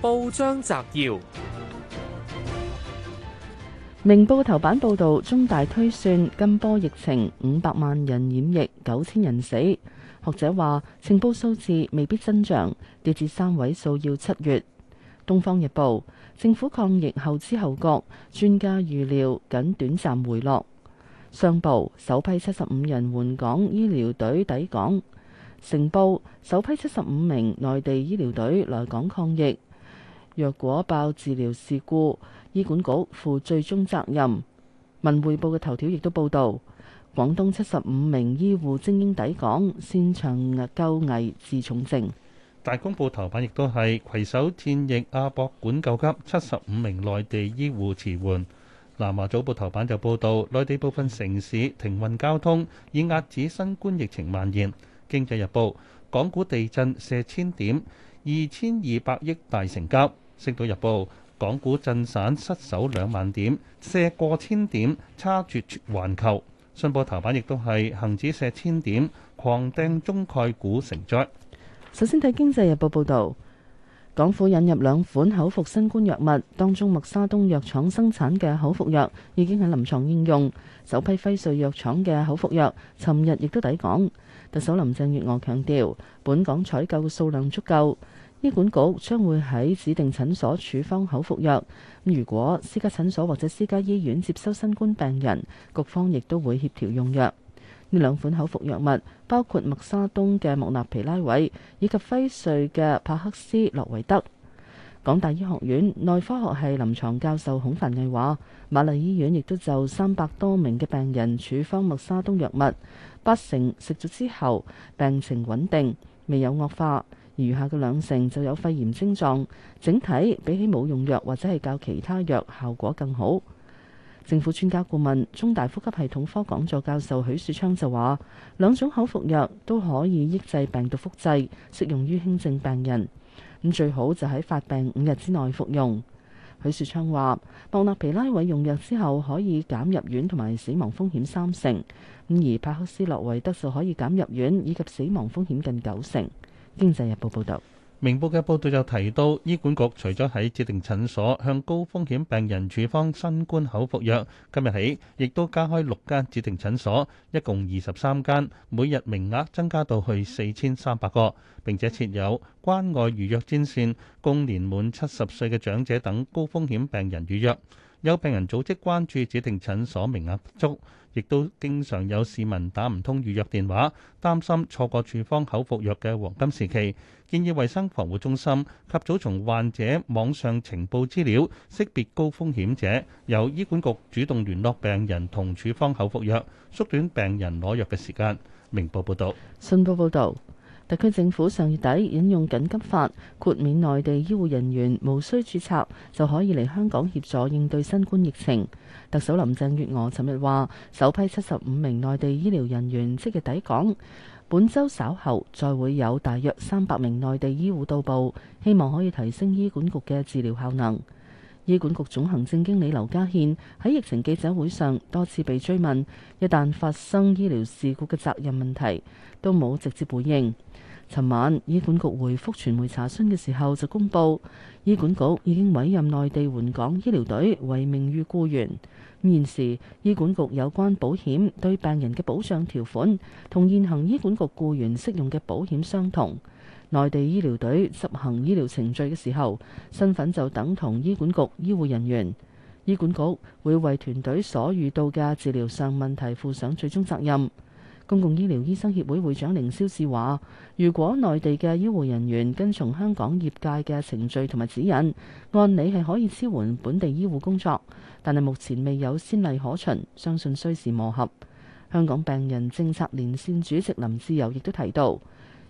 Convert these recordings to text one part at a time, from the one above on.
報章摘要：明報頭版報道，中大推算今波疫情五百萬人染疫，九千人死。學者話呈報數字未必增長，跌至三位數要七月。東方日報：政府抗疫後知後覺，專家預料僅短暫回落。商報：首批七十五人援港醫療隊抵港。成報：首批七十五名內地醫療隊來港抗疫。若果爆治療事故，醫管局負最終責任。文匯報嘅頭條亦都報道，廣東七十五名醫護精英抵港，擅長救危治重症。大公報頭版亦都係攜手戰疫亞博館救急，七十五名內地醫護馳援。南華早報頭版就報道，內地部分城市停運交通，以遏止新冠疫情蔓延。經濟日報，港股地震瀉千點，二千二百億大成交。《星島日報》，港股震盪失守兩萬點，瀉過千點，差絕環球。信報頭版亦都係恆指瀉千點，狂掟中概股成災。首先睇《經濟日報》報導，港府引入兩款口服新冠藥物，當中默沙東藥廠生產嘅口服藥已經喺臨床應用，首批輝瑞藥廠嘅口服藥，尋日亦都抵港。特首林鄭月娥強調，本港採購嘅數量足夠。醫管局將會喺指定診所處方口服藥。如果私家診所或者私家醫院接收新冠病人，局方亦都會協調用藥。呢兩款口服藥物包括默沙東嘅莫納皮拉韋以及輝瑞嘅帕克斯洛維德。港大醫學院內科學系臨床教授孔繁毅話：，瑪麗醫院亦都就三百多名嘅病人處方默沙東藥物，八成食咗之後病情穩定，未有惡化。餘下嘅兩成就有肺炎症狀，整體比起冇用藥或者係較其他藥效果更好。政府專家顧問、中大呼吸系統科講座教授許樹昌就話：兩種口服藥都可以抑制病毒複製，適用於輕症病人。咁最好就喺發病五日之內服用。許樹昌話：莫納皮拉韋用藥之後可以減入院同埋死亡風險三成，而帕克斯洛維德素可以減入院以及死亡風險近九成。經濟日報報道，明報嘅報道就提到，醫管局除咗喺指定診所向高風險病人處方新冠口服藥，今日起亦都加開六間指定診所，一共二十三間，每日名額增加到去四千三百個，並且設有關外預約專線，供年滿七十歲嘅長者等高風險病人預約。有病人組織關注指定診所名額不足，亦都經常有市民打唔通預約電話，擔心錯過處方口服藥嘅黃金時期。建議衞生防護中心及早從患者網上情報資料識別高風險者，由醫管局主動聯絡病人同處方口服藥，縮短病人攞藥嘅時間。明報報道。新報報道。特區政府上月底引用緊急法，豁免內地醫護人員無需註冊就可以嚟香港協助應對新冠疫情。特首林鄭月娥尋日話，首批七十五名內地醫療人員即日抵港，本週稍後再會有大約三百名內地醫護到埗，希望可以提升醫管局嘅治療效能。醫管局總行政經理劉家獻喺疫情記者會上多次被追問，一旦發生醫療事故嘅責任問題，都冇直接回應。尋晚醫管局回覆傳媒查詢嘅時候就公布，醫管局已經委任內地援港醫療隊為名譽僱員。現時醫管局有關保險對病人嘅保障條款，同現行醫管局僱員適用嘅保險相同。內地醫療隊執行醫療程序嘅時候，身份就等同醫管局醫護人員。醫管局會為團隊所遇到嘅治療上問題負上最終責任。公共醫療醫生協會會長凌霄志話，如果內地嘅醫護人員跟從香港業界嘅程序同埋指引，按理係可以支援本地醫護工作，但係目前未有先例可循，相信需時磨合。香港病人政策連線主席林志友亦都提到。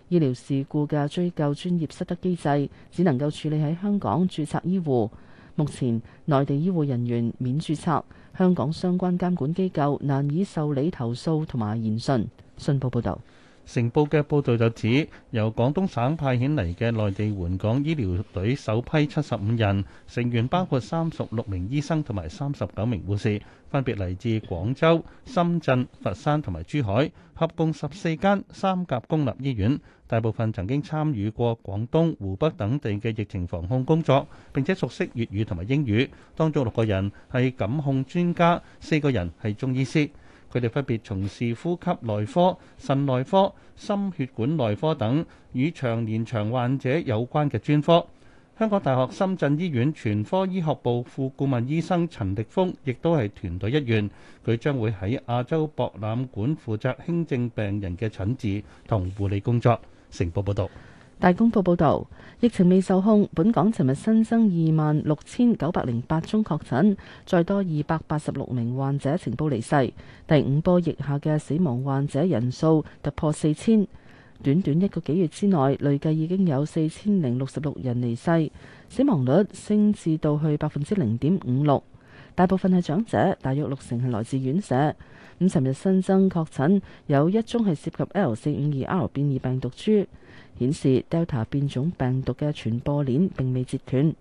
醫療事故嘅追究專業失德機制，只能夠處理喺香港註冊醫護。目前內地醫護人員免註冊，香港相關監管機構難以受理投訴同埋研訊。信報報道。成報嘅報導就指，由廣東省派遣嚟嘅內地援港醫療隊首批七十五人成員，包括三十六名醫生同埋三十九名護士，分別嚟自廣州、深圳、佛山同埋珠海，合共十四間三甲公立醫院，大部分曾經參與過廣東、湖北等地嘅疫情防控工作，並且熟悉粵語同埋英語。當中六個人係感控專家，四個人係中醫師。佢哋分別從事呼吸內科、腎內科、心血管內科等與長年長患者有關嘅專科。香港大學深圳醫院全科醫學部副顧問醫生陳力峰亦都係團隊一員，佢將會喺亞洲博覽館負責輕症病人嘅診治同護理工作。成報報道。大公報報導，疫情未受控，本港尋日新增二萬六千九百零八宗確診，再多二百八十六名患者呈報離世。第五波疫下嘅死亡患者人數突破四千，短短一個幾月之內，累計已經有四千零六十六人離世，死亡率升至到去百分之零點五六。大部分係長者，大約六成係來自院舍。五尋日新增確診有一宗係涉及 L 四五二 R 變異病毒株，顯示 Delta 變種病毒嘅傳播鏈並未截斷。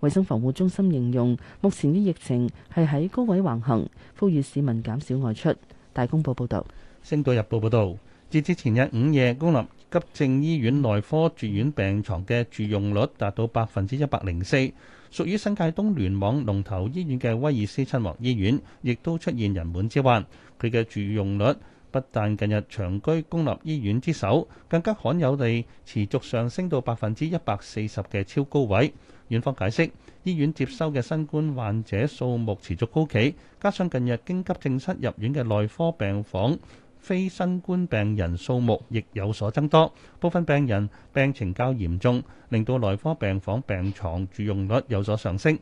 衞生防護中心形容目前嘅疫情係喺高位橫行，呼籲市民減少外出。大公報報道。《星島日報》報道，截至前日午夜，公立急症醫院內科住院病床嘅住用率達到百分之一百零四。屬於新界東聯網龍頭醫院嘅威爾斯親王醫院，亦都出現人滿之患。佢嘅住用率不但近日長居公立醫院之首，更加罕有地持續上升到百分之一百四十嘅超高位。院方解釋，醫院接收嘅新冠患者數目持續高企，加上近日經急症室入院嘅內科病房。非新冠病人數目亦有所增多，部分病人病情較嚴重，令到內科病房病床住用率有所上升。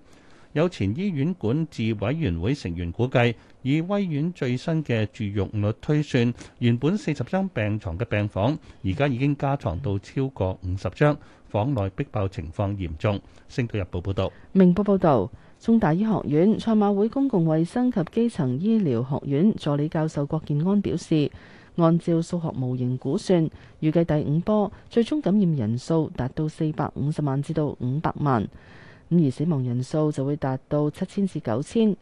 有前醫院管治委員會成員估計，以威院最新嘅住用率推算，原本四十張病床嘅病房，而家已經加床到超過五十張，房內逼爆情況嚴重。星島日報報道。明報報道。中大醫學院賽馬會公共衛生及基層醫療學院助理教授郭健安表示，按照數學模型估算，預計第五波最終感染人數達到四百五十萬至到五百萬，咁而死亡人數就會達到七千至九千。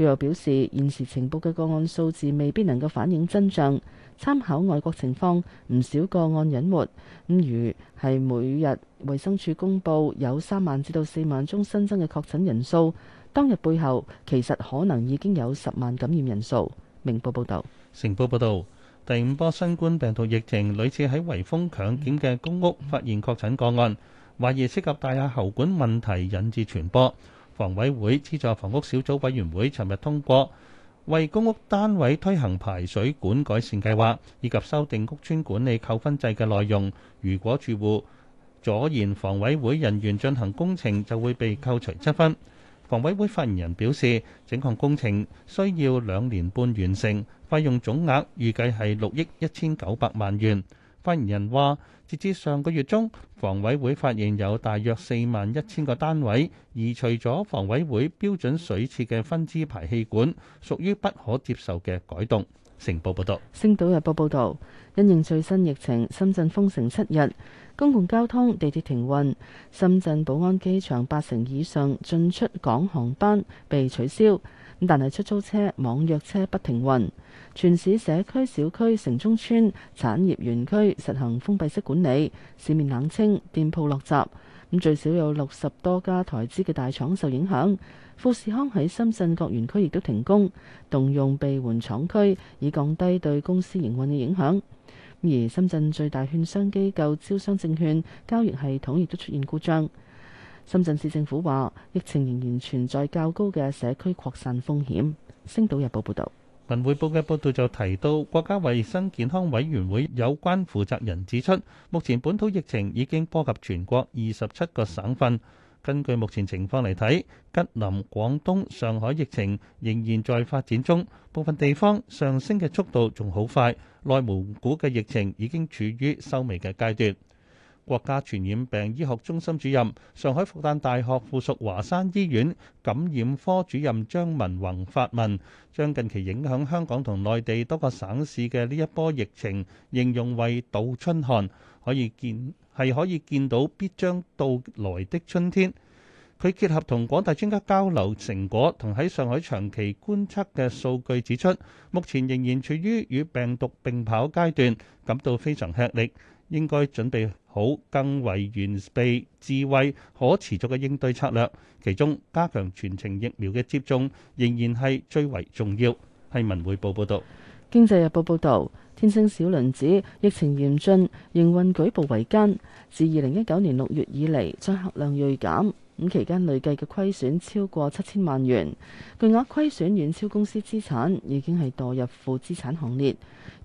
佢又表示，現時情報嘅個案數字未必能夠反映真相，參考外國情況，唔少個案隱沒。咁如係每日衛生署公布有三萬至到四萬宗新增嘅確診人數，當日背後其實可能已經有十萬感染人數。明報報道，成報報道，第五波新冠病毒疫情屢次喺圍封強檢嘅公屋發現確診個案，懷疑涉及大亞喉管問題引致傳播。房委會資助房屋小組委員會尋日通過為公屋單位推行排水管改善計劃，以及修訂屋邨管理扣分制嘅內容。如果住戶阻延房委會人員進行工程，就會被扣除七分。房委會發言人表示，整項工程需要兩年半完成，費用總額預計係六億一千九百萬元。發言人話，截至上個月中，房委會發現有大約四萬一千個單位，移除咗房委會標準水廁嘅分支排氣管，屬於不可接受嘅改動。成報報道，星島日報報道，因應最新疫情，深圳封城七日，公共交通、地鐵停運，深圳寶安機場八成以上進出港航班被取消。但係出租車、網約車不停運，全市社區、小區、城中村、產業園區實行封閉式管理，市面冷清，店鋪落閘。咁最少有六十多家台資嘅大廠受影響，富士康喺深圳各園區亦都停工，動用備援廠區，以降低對公司營運嘅影響。而深圳最大券商機構招商證券交易系統亦都出現故障。深圳市政府話，疫情仍然存在較高嘅社區擴散風險。星島日報報道，文匯報嘅報導就提到，國家衞生健康委員會有關負責人指出，目前本土疫情已經波及全國二十七個省份。根據目前情況嚟睇，吉林、廣東、上海疫情仍然在發展中，部分地方上升嘅速度仲好快。內蒙古嘅疫情已經處於收尾嘅階段。國家傳染病醫學中心主任、上海復旦大學附屬華山醫院感染科主任張文宏發文，將近期影響香港同內地多個省市嘅呢一波疫情，形容為倒春寒，可以見係可以見到必將到來的春天。佢結合同廣大專家交流成果同喺上海長期觀察嘅數據指出，目前仍然處於與病毒並跑階段，感到非常吃力。應該準備好更為完備、智慧、可持續嘅應對策略，其中加強全程疫苗嘅接種仍然係最為重要。係文匯報報道：《經濟日報》報道，天星小輪指疫情嚴峻，營運舉步維艱，自二零一九年六月以嚟，載客量鋭減。咁期間累計嘅虧損超過七千萬元，巨額虧損遠超公司資產，已經係墮入負資產行列。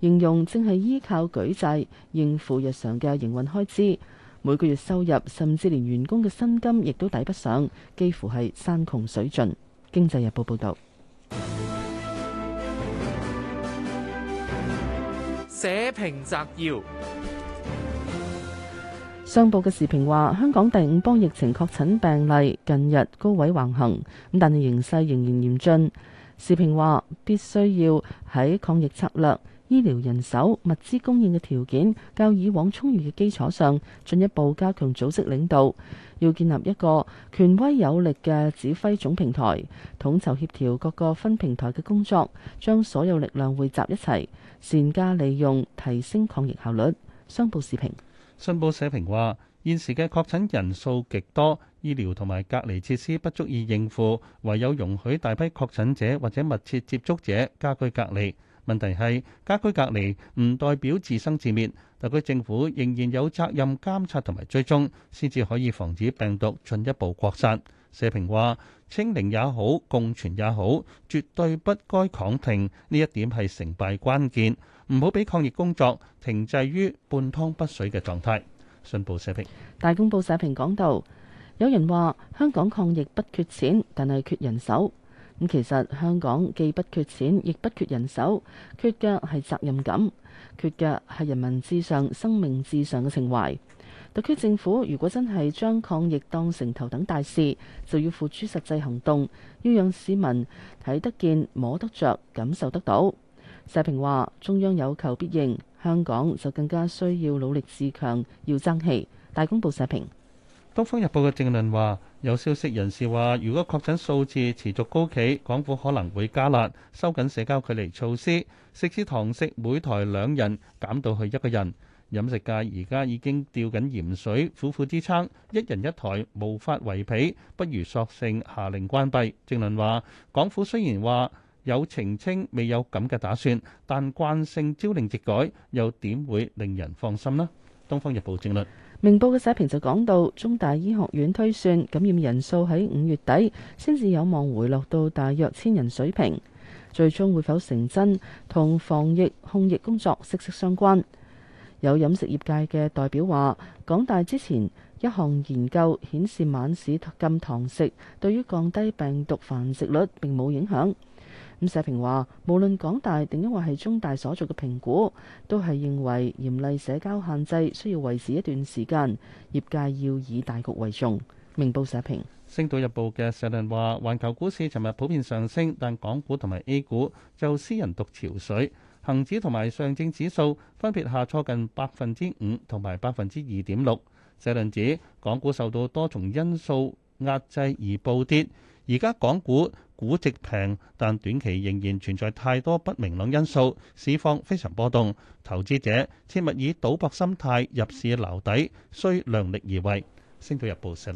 形容正係依靠舉債應付日常嘅營運開支，每個月收入甚至連員工嘅薪金亦都抵不上，幾乎係山窮水盡。《經濟日報》報道。社評摘要。商報嘅視頻話：香港第五波疫情確診病例近日高位橫行，咁但係形勢仍然嚴峻。視頻話必須要喺抗疫策略、醫療人手、物資供應嘅條件較以往充裕嘅基礎上，進一步加強組織領導，要建立一個權威有力嘅指揮總平台，統籌協調各個分平台嘅工作，將所有力量匯集一齊，善加利用，提升抗疫效率。商報視頻。信報社評話，現時嘅確診人數極多，醫療同埋隔離設施不足以應付，唯有容許大批確診者或者密切接觸者家居隔離。問題係家居隔離唔代表自生自滅，特區政府仍然有責任監察同埋追蹤，先至可以防止病毒進一步擴散。社評話。清零也好，共存也好，絕對不該抗停。呢一點係成敗關鍵，唔好俾抗疫工作停滯於半湯不水嘅狀態。信報社評。大公報社評講到，有人話香港抗疫不缺錢，但係缺人手。咁其實香港既不缺錢亦不缺人手，缺嘅係責任感，缺嘅係人民至上、生命至上嘅情懷。特區政府如果真係將抗疫當成頭等大事，就要付諸實際行動，要讓市民睇得見、摸得着、感受得到。社評話：中央有求必應，香港就更加需要努力自強，要爭氣。大公報社評，《東方日報》嘅政論話：有消息人士話，如果確診數字持續高企，港府可能會加辣，收緊社交距離措施，食肆堂食每台兩人減到去一個人。飲食界而家已經吊緊鹽水，苦苦支撐。一人一台無法維皮，不如索性下令關閉。政論話，港府雖然話有澄清，未有咁嘅打算，但慣性朝令夕改，又點會令人放心呢？《東方日報》政論。明報嘅社評就講到，中大醫學院推算感染人數喺五月底先至有望回落到大約千人水平，最終會否成真，同防疫控疫工作息息相關。有飲食業界嘅代表話：港大之前一項研究顯示，晚市禁堂食對於降低病毒繁殖率並冇影響。咁社評話，無論港大定抑或係中大所做嘅評估，都係認為嚴厲社交限制需要維持一段時間。業界要以大局為重。明報社評，星島日報嘅社論話：環球股市尋日普遍上升，但港股同埋 A 股就私人獨潮水。恒指同埋上證指數分別下挫近百分之五同埋百分之二點六。社論指港股受到多重因素壓制而暴跌，而家港股估值平，但短期仍然存在太多不明朗因素，市況非常波動。投資者切勿以賭博心態入市撈底，需量力而為。星島日報社論。